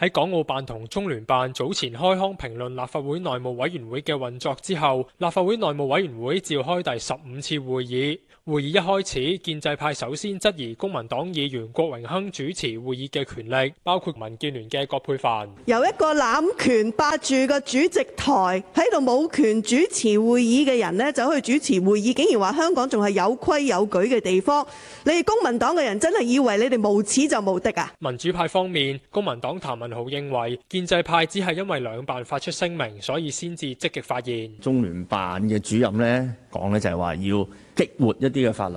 喺港澳辦同中聯辦早前開腔評論立法會內務委員會嘅運作之後，立法會內務委員會召開第十五次會議。會議一開始，建制派首先質疑公民黨議員郭榮鏗主持會議嘅權力，包括民建聯嘅葛珮帆。由一個濫權霸住嘅主席台，喺度冇權主持會議嘅人呢，走去主持會議，竟然話香港仲係有規有矩嘅地方。你哋公民黨嘅人真係以為你哋無恥就無敵啊？民主派方面，公民黨譚文好認為建制派只係因為兩辦發出聲明，所以先至積極發現。中聯辦嘅主任咧，講咧就係話要激活一啲嘅法律，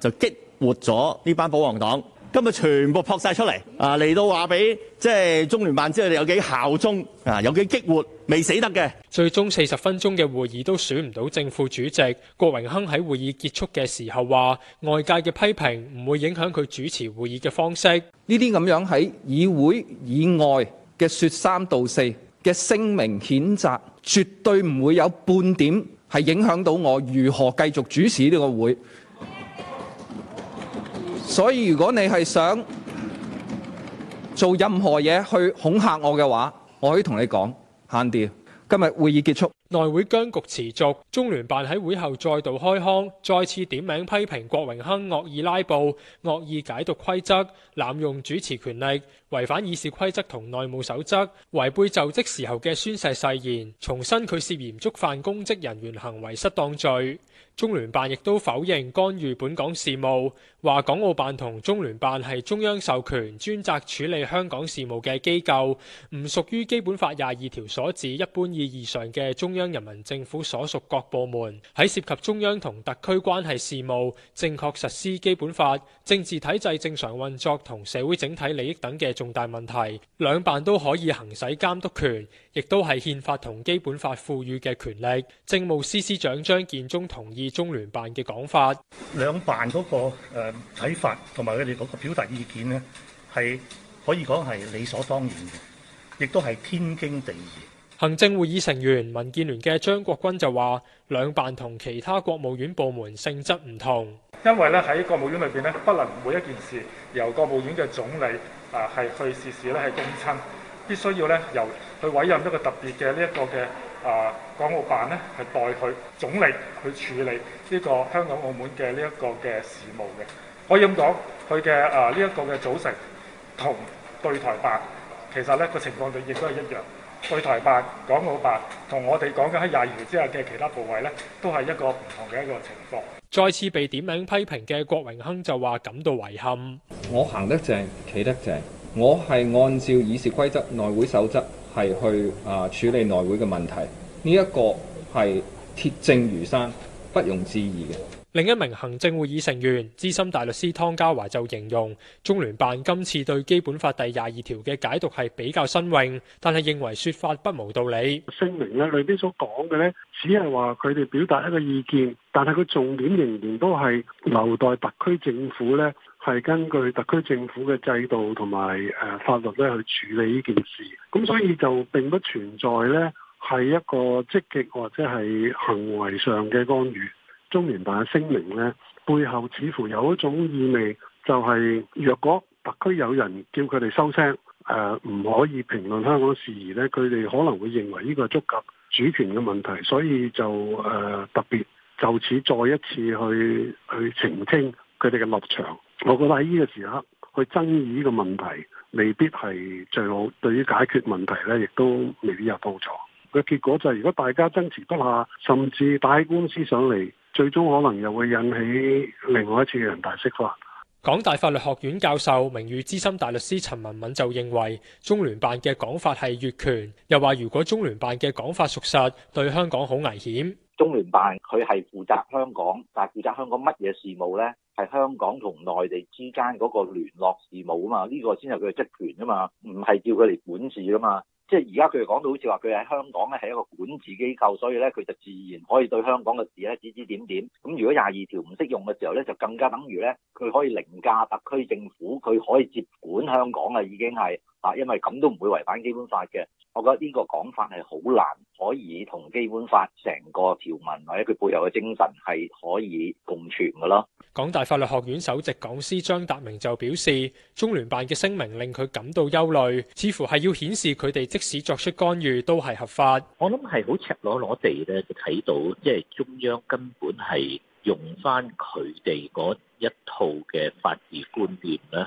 就激活咗呢班保皇黨。今日全部撲晒出嚟啊！嚟到話俾即係中聯辦知你有幾效忠啊，有幾激活，未死得嘅。最終四十分鐘嘅會議都選唔到正副主席。郭榮鏗喺會議結束嘅時候話：外界嘅批評唔會影響佢主持會議嘅方式。呢啲咁樣喺議會以外嘅説三道四嘅聲明譴責，絕對唔會有半點係影響到我如何繼續主持呢個會。所以如果你係想做任何嘢去恐嚇我嘅話，我可以同你講，限點，今日會議結束。內會僵局持續，中聯辦喺會後再度開腔，再次點名批評郭榮鏗惡意拉布、惡意解讀規則、濫用主持權力、違反議事規則同內務守則、違背就職時候嘅宣誓誓言，重申佢涉嫌觸犯公職人員行為失當罪。中聯辦亦都否認干預本港事務，話港澳辦同中聯辦係中央授權專責處理香港事務嘅機構，唔屬於基本法廿二條所指一般意義上嘅中。中央人民政府所屬各部門喺涉及中央同特區關係事務、正確實施基本法、政治體制正常運作同社會整體利益等嘅重大問題，兩辦都可以行使監督權，亦都係憲法同基本法賦予嘅權力。政務司司長張建宗同意中聯辦嘅講法，兩辦嗰個誒睇法同埋佢哋嗰個表達意見咧，係可以講係理所當然嘅，亦都係天經地義。行政會議成員民建聯嘅張國鈞就話：兩辦同其他國務院部門性質唔同，因為咧喺國務院裏邊咧，不能每一件事由國務院嘅總理啊係去事事咧係躬親，必須要咧由去委任一個特別嘅呢一個嘅啊港澳辦咧係代佢總理去處理呢個香港澳門嘅呢一個嘅事務嘅。可以咁講，佢嘅啊呢一個嘅組成同對台辦其實咧個情況就亦都係一樣。去台辦、港澳辦同我哋講緊喺廿二條之下嘅其他部位呢，都係一個唔同嘅一個情況。再次被點名批評嘅郭榮鏗就話感到遺憾。我行得正，企得正，我係按照議事規則、內會守則係去啊處理內會嘅問題，呢一個係鐵證如山，不容置疑嘅。另一名行政會議成員、資深大律師湯家驊就形容中聯辦今次對《基本法》第廿二條嘅解讀係比較新穎，但係認為說法不無道理。聲明咧裏邊所講嘅呢，只係話佢哋表達一個意見，但係佢重點仍然都係留待特區政府呢，係根據特區政府嘅制度同埋誒法律咧去處理呢件事。咁所以就並不存在呢，係一個積極或者係行為上嘅干預。中聯辦嘅聲明呢，背後似乎有一種意味，就是，就係若果特區有人叫佢哋收聲，誒、呃、唔可以評論香港事宜呢，佢哋可能會認為呢個係觸及主權嘅問題，所以就、呃、特別就此再一次去去澄清佢哋嘅立場。我覺得喺呢個時刻去爭議呢個問題，未必係最好。對於解決問題呢，亦都未必有幫助嘅結果就係、是，如果大家爭持不下，甚至打官司上嚟。最終可能又會引起另外一次的人大釋法。港大法律學院教授、名譽資深大律師陳文敏就認為，中聯辦嘅講法係越權。又話如果中聯辦嘅講法屬實，對香港好危險。中聯辦佢係負責香港，但係負責香港乜嘢事務呢？係香港同內地之間嗰個聯絡事務啊嘛，呢個先係佢嘅職權啊嘛，唔係叫佢嚟管治啊嘛。即係而家佢哋講到好似話佢喺香港咧係一個管治機構，所以咧佢就自然可以對香港嘅事咧指指點點。咁如果廿二條唔適用嘅時候咧，就更加等於咧佢可以凌駕特區政府，佢可以接管香港啊！已經係。啊，因為咁都唔會違反基本法嘅，我覺得呢個講法係好難可以同基本法成個條文或者佢背後嘅精神係可以共存嘅咯。港大法律學院首席講師張達明就表示，中聯辦嘅聲明令佢感，感到憂慮，似乎係要顯示佢哋即使作出干預都係合法。我諗係好赤裸裸地咧，就睇到即係中央根本係用翻佢哋嗰一套嘅法治觀念咧。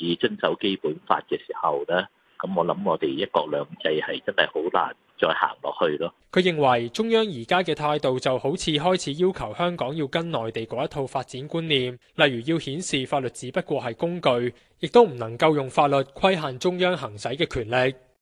以遵守基本法嘅時候咧，咁我諗我哋一國兩制係真係好難再行落去咯。佢認為中央而家嘅態度就好似開始要求香港要跟內地嗰一套發展觀念，例如要顯示法律只不過係工具，亦都唔能夠用法律規限中央行使嘅權力。